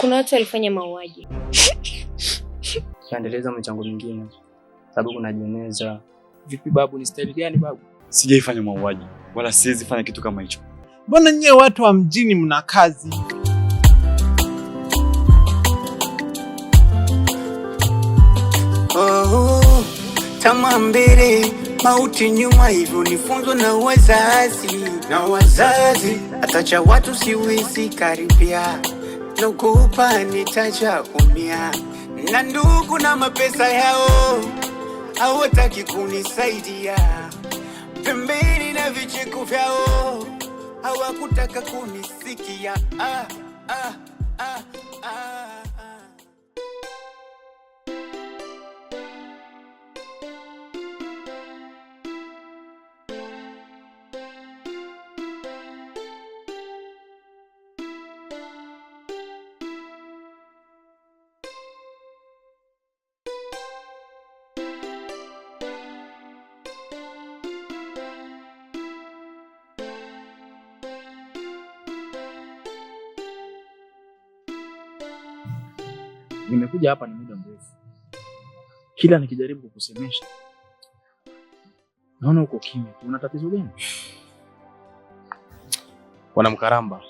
Kuna watu walifanya mauaji. Kaendeleza michango mingine, sababu kuna jeneza. Vipi babu, ni staili gani babu? Sijaifanya mauaji wala siwezi fanya kitu kama hicho. Mbona nyie watu wa mjini mna kazi? Oh, tamaa mbele, mauti nyuma, hivyo nifunzwa na wazazi na wazazi, atacha watu siwezi karibia Nilokupa nitaja umia na ndugu na mapesa yao hawataki kunisaidia, pembeni na vicheko vyao hawakutaka kunisikia. ah, ah, ah, ah. ah. Nimekuja hapa ni muda mrefu, kila nikijaribu kukusemesha naona uko kimya. Una tatizo gani? Bwana Mkaramba,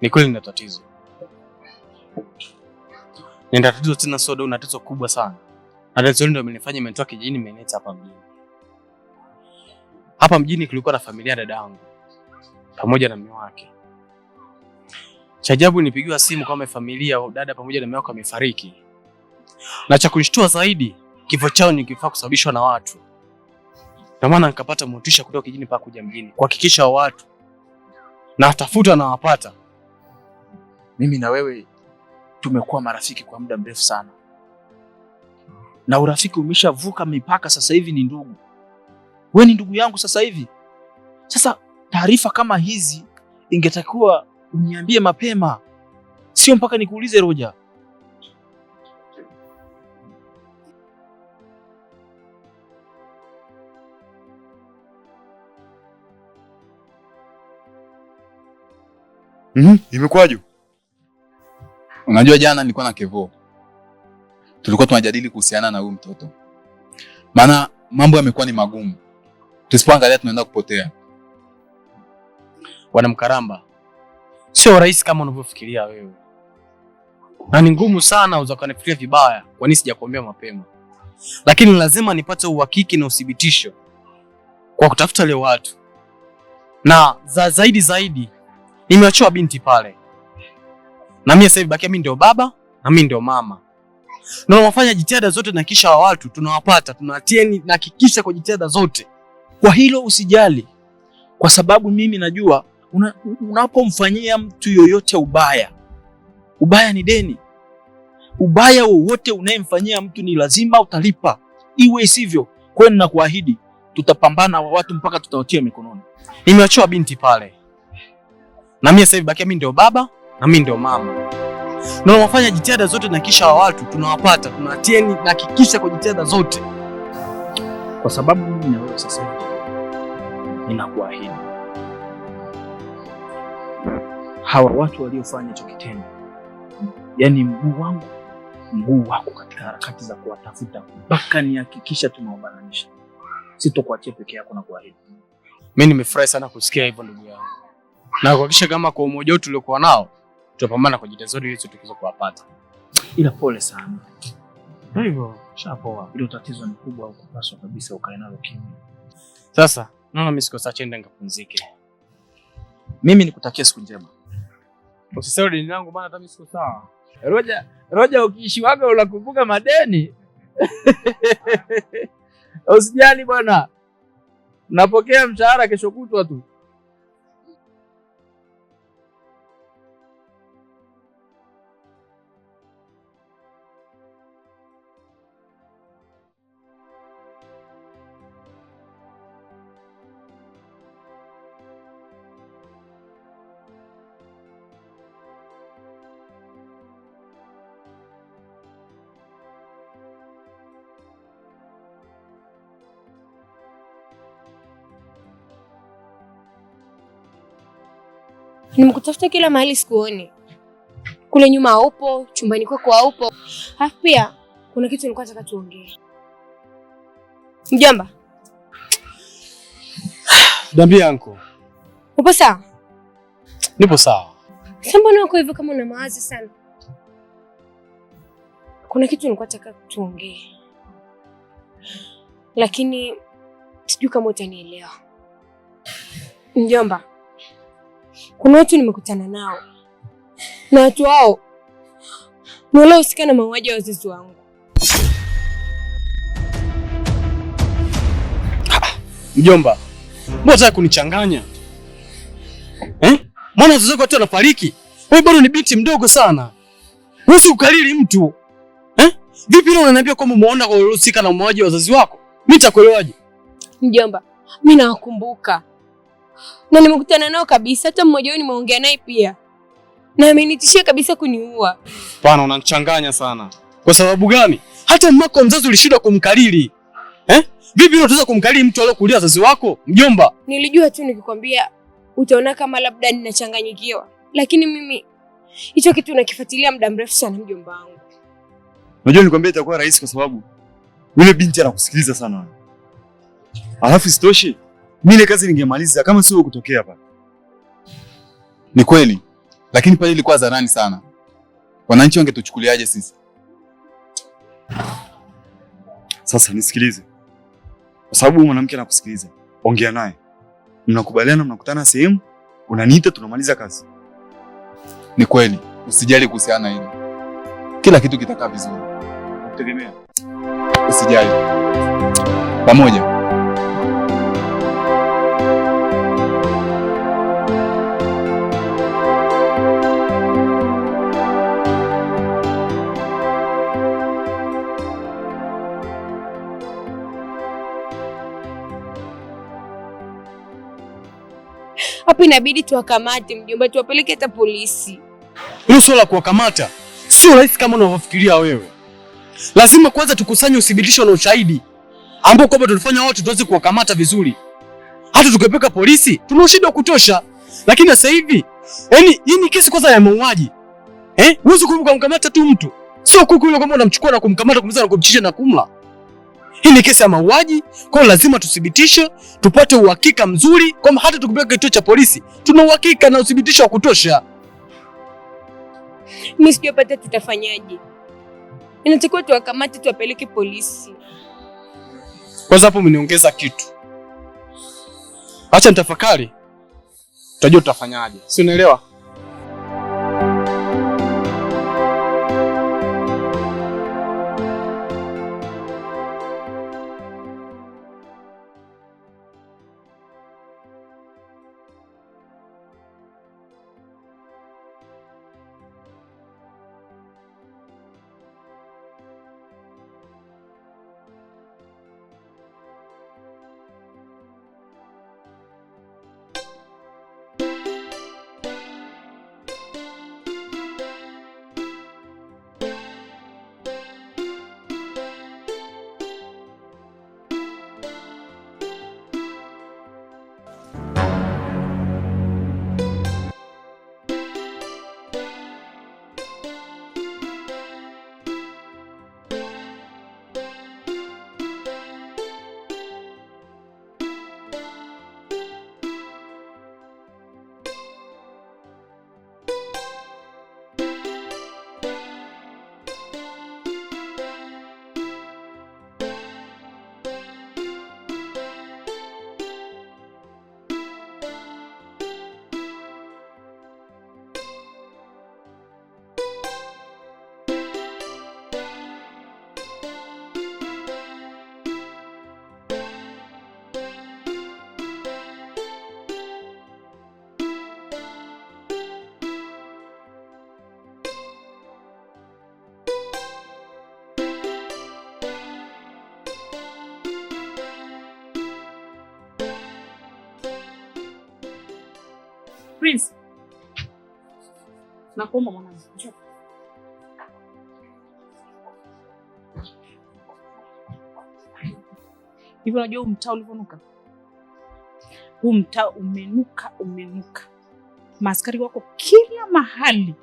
ni kweli nina tatizo, nina tatizo tena, sodo, na tatizo kubwa sana, na tatizo ndio imenifanya imetoa kijijini, imenileta hapa mjini. Hapa mjini kulikuwa na familia ya dada yangu pamoja na mume wake cha ajabu nipigiwa simu kama familia dada pamoja na mume amefariki, na cha kunishtua zaidi kifo chao ni kifaa kusababishwa na watu. Ndio maana nikapata motisha kutoka kijijini mpaka kuja mjini kuhakikisha watu na watafuta na wapata. Mimi na wewe tumekuwa marafiki kwa muda mrefu sana, na urafiki umeshavuka mipaka. Sasa hivi ni ndugu, wewe ni ndugu yangu sasa hivi. Sasa taarifa kama hizi ingetakiwa uniambie mapema, sio mpaka nikuulize Roja. Mm -hmm. Imekwaje? Unajua jana nilikuwa na Kevo. Tulikuwa tunajadili kuhusiana na huyu mtoto. Maana mambo yamekuwa ni magumu. Tusipoangalia tunaenda kupotea. Wanamkaramba sio rahisi kama unavyofikiria wewe, na ni ngumu sana, uza kanifikiria vibaya, kwa nini sijakuambia mapema. Lakini lazima nipate uhakiki na uthibitisho kwa kutafuta leo watu, na za zaidi zaidi, nimewachiwa binti pale, na mimi sasa hivi bakia mimi ndio baba na mimi ndio mama na unafanya jitihada zote na kisha wa watu tunawapata, tunatieni na kikisha kwa jitihada zote. Kwa hilo usijali, kwa sababu mimi najua Una, unapomfanyia mtu yoyote ubaya, ubaya ni deni. Ubaya wowote unayemfanyia mtu ni lazima utalipa, iwe isivyo. Kwa hiyo ninakuahidi tutapambana wa watu mpaka tutawatia mikononi. Nimewachoa binti pale, na mimi sasa hivi bakia mimi ndio baba na mimi ndio mama, na wafanya jitihada zote na kisha wa watu tunawapata, tunatieni na kikisha kwa jitihada zote, kwa sababu mimi na wewe sasa hivi ninakuahidi hawa watu waliofanya hicho kitendo, yaani mguu wangu mguu wako katika harakati za kuwatafuta mpaka nihakikisha tunaobananisha. Sitokuachia peke yako na kuahidi. Mimi nimefurahi sana kusikia hivyo ndugu yangu, na kuhakikisha kama kwa umoja wetu uliokuwa nao tutapambana kwa jitihada zote hizo kuwapata, ila pole sana. Kwa hivyo shapoa, hilo tatizo ni kubwa, ukupaswa kabisa ukae nalo kimya. Sasa naona mimi siko sawa, chenda ngapumzike. Mimi nikutakia siku njema. Usisahau deni langu bana, hata mimi siko sawa. Roja, Roja ukiishi waga unakumbuka madeni. Usijali bwana. Napokea mshahara kesho kutwa tu. Nimekutafuta kila mahali sikuoni. Kule nyuma haupo, chumbani kwako haupo. Halafu pia kuna kitu nilikuwa nataka tuongee. Mjomba. dambi anko. Upo sawa? Nipo sawa. Mbona uko hivyo kama una mawazo sana? Kuna kitu nilikuwa nataka tuongee. Lakini sijui kama utanielewa. Mjomba. Kuna watu nimekutana nao na watu hao ni waliohusika na mauaji ya wazazi wangu. Mjomba, mbona unataka kunichanganya eh? Maana wazazi wako watu wanafariki, wewe bado ni binti mdogo sana, huwezi ukalili mtu eh? Vipi leo unaniambia kwamba umeona kwa waliohusika na mauaji ya wazazi wako? Mimi nitakuelewaje? Mjomba, mimi nawakumbuka na nimekutana nao kabisa, hata mmoja wao nimeongea naye pia na amenitishia kabisa kuniua. Pana, unanichanganya sana. Kwa sababu gani? Hata mmako mzazi ulishindwa kumkalili eh? Vipi unaweza kumkalili mtu aliyokulia wazazi wako, mjomba? Nilijua tu nikikwambia utaona kama labda ninachanganyikiwa, lakini mimi hicho kitu nakifuatilia muda mrefu sana, mjomba wangu. Unajua nikwambia itakuwa rahisi, kwa sababu yule binti anakusikiliza sana, alafu sitoshi mimi ile kazi ningemaliza kama sio kutokea hapa. Ni kweli, lakini pale ilikuwa zarani sana. Wananchi wangetuchukuliaje sisi? Sasa nisikilize, kwa sababu mwanamke anakusikiliza, ongea naye, mnakubaliana, mnakutana sehemu, unaniita, tunamaliza kazi. Ni kweli, usijali kuhusiana hili, kila kitu kitakaa vizuri, Nakutegemea, usijali, pamoja inabidi tuwakamate mjomba, tuwapeleke hata polisi. Hilo swala la kuwakamata sio rahisi kama unavyofikiria wewe. Lazima kwanza tukusanye uthibitisho na ushahidi ambao kwamba tulifanya watu tuweze kuwakamata vizuri. Hata tukipeleka polisi tuna ushahidi wa kutosha, lakini sasa hivi yani hii ni kesi kwanza ya mauaji eh, huwezi kumkamata tu mtu, sio kuku yule kwamba unamchukua na kumkamata kumzaa na kumchinja na kumla. Hii ni kesi ya mauaji, kwa hiyo lazima tuthibitishe, tupate uhakika mzuri kwamba hata tukipeleka kituo cha polisi tuna uhakika na uthibitisho wa kutosha. Mimi sijapata, tutafanyaje? Inatakiwa tuwakamate, tuwapeleke polisi. Kwanza hapo umeniongeza kitu, acha nitafakari, tutajua tutafanyaje, si unaelewa? Prince, nakuomba mwanangu, njoo. Hivyo unajua huu mtaa ulivyonuka, huu mtaa umenuka, umenuka. Maaskari wako kila mahali,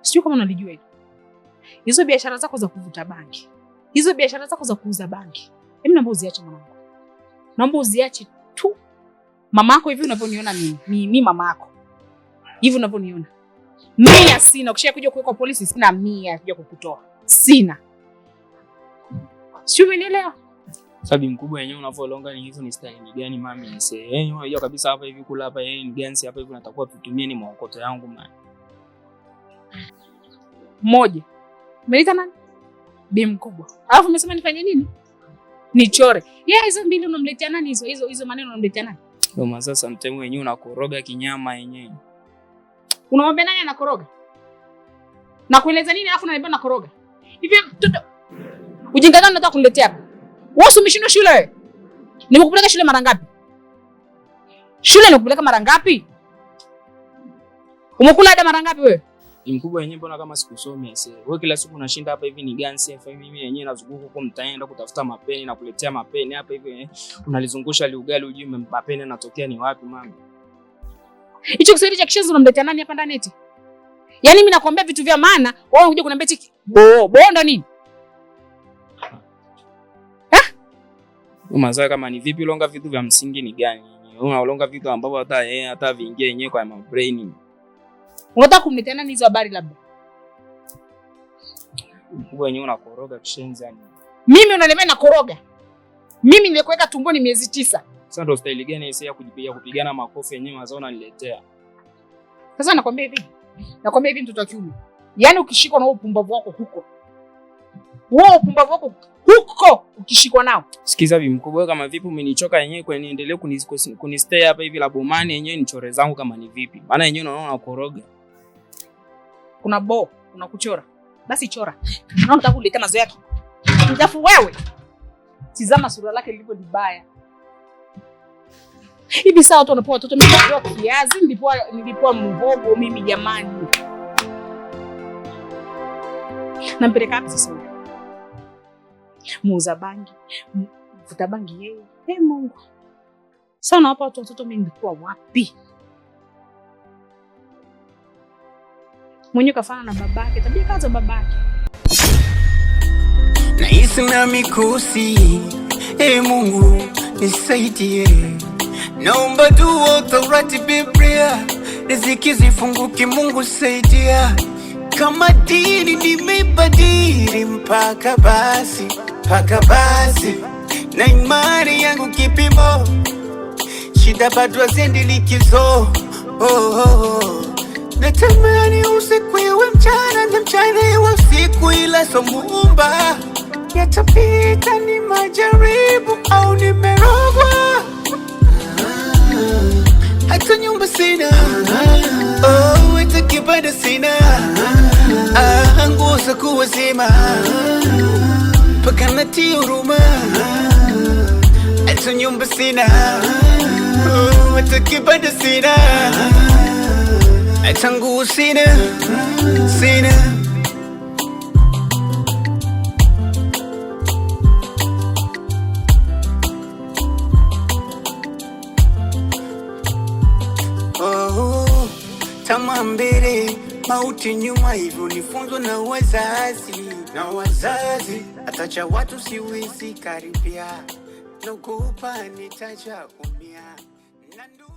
sijui kama unalijua hilo. Hizo biashara zako za kuvuta bangi, hizo biashara zako za kuuza bangi, hebu naomba uziache mwanangu, naomba uziache tu. Mama yako hivi unavyoniona mimi, mimi mama yako hivi unavyoniona, mia sina. Ukisha kuja kuwekwa polisi, sina mia ya kuja kukutoa, sina. Sio, umenielewa? Sabi mkubwa yenyewe unavyolonga ni hizo, ni staili gani mami? Nise yeye yaani unajua kabisa hapa hivi kula hapa yeye yaani ni gansi hapa hivi, natakuwa tutumie ni mwokoto yangu mami. Moja umeita nani? Bi mkubwa, alafu umesema nifanye nini? Nichore yeye? hizo mbili unamletea nani? hizo hizo hizo maneno unamletea nani? Ndio maana sasa mtemu wenyewe unakoroga kinyama yenyewe Unamwambia nani anakoroga? Na kueleza nini alafu unaniambia nakoroga? Hivi mtoto ujinga gani unataka kuniletea hapa? Wewe umeshindwa shule Nimekupeleka shule mara ngapi? Shule nimekupeleka mara ngapi? Umekula ada mara ngapi wewe? Ni Mkubwa yenyewe mbona kama sikusomi ese? Wewe kila siku unashinda hapa hivi ni gani sasa mimi yenyewe nazunguka huko mtaenda kutafuta mapeni na kuletea mapeni hapa hivi eh? unalizungusha liugali ujui mapeni yanatokea ni wapi mama? Hicho Kiswahili cha kishenzi unamletea nani hapa ndani eti? Yaani mimi nakwambia vitu vya maana, wewe unakuja kuniambia eti bo bo ndo nini? Ah? Umazoea kama ni vipi ulonga vitu vya msingi ni gani? Unaolonga vitu ambavyo hata yeye hata viingie yenyewe kwa my brain. Unataka kumletea nani hizo habari labda? Mkubwa wenyewe unakoroga kishenzi yani. Mimi unaniambia nakoroga. Mimi nilikuweka tumboni miezi tisa. Sasa ndo staili gani sasa ya kujipiga kupigana makofi yenyewe mazao naniletea? Sasa nakwambia hivi. Nakwambia hivi mtoto wa kiume. Yaani ukishikwa na upumbavu wako huko. Wewe upumbavu wako huko ukishikwa nao. Sikiza hivi mkubwa kama vipi umenichoka yenyewe kwa niendelee kunistay hapa hivi la bomani yenyewe nichore zangu kama ni vipi. Maana yenyewe unaona unakoroga. Kuna bo, kuna kuchora. Basi chora. Naona nitakuletea mazoea yako. Mjafu wewe. Tizama sura lake lilivyo libaya hivi saa watu wanapoa watoto. Mimi nilipoa kiazi, nilipoa nilipoa mbogo mimi jamani, nampeleka wapi sasa? Muuza bangi, mvuta bangi yeye. Hey, Mungu sasa nawapa watu watoto, mimi nilikuwa wapi? Mwenye kafana na babake, tabia za babake na isi na mikusi. Hey, Mungu nisaidie Naomba dua, Taurati, Biblia, riziki zifunguke, Mungu saidia. Kama dini nimebadili, mpaka basi, mpaka basi, na imani yangu kipimo, shida bado zendi likizo. Oh, oh, oh. Natamani usiku iwe mchana na mchana iwe usiku, ila somumba yatapita ni majaribu au nimerogwa hata nyumba sina, oh, hata kibanda sina, ah, nguo za kuwazima mpaka natia huruma, hata nyumba sina, oh, hata kibanda sina, hata nguo sina, sina nyuma mbele, mauti nyuma, hivyo nifunzwa na wazazi na wazazi. Atacha watu siwezi karibia, naogopa nitacha umia.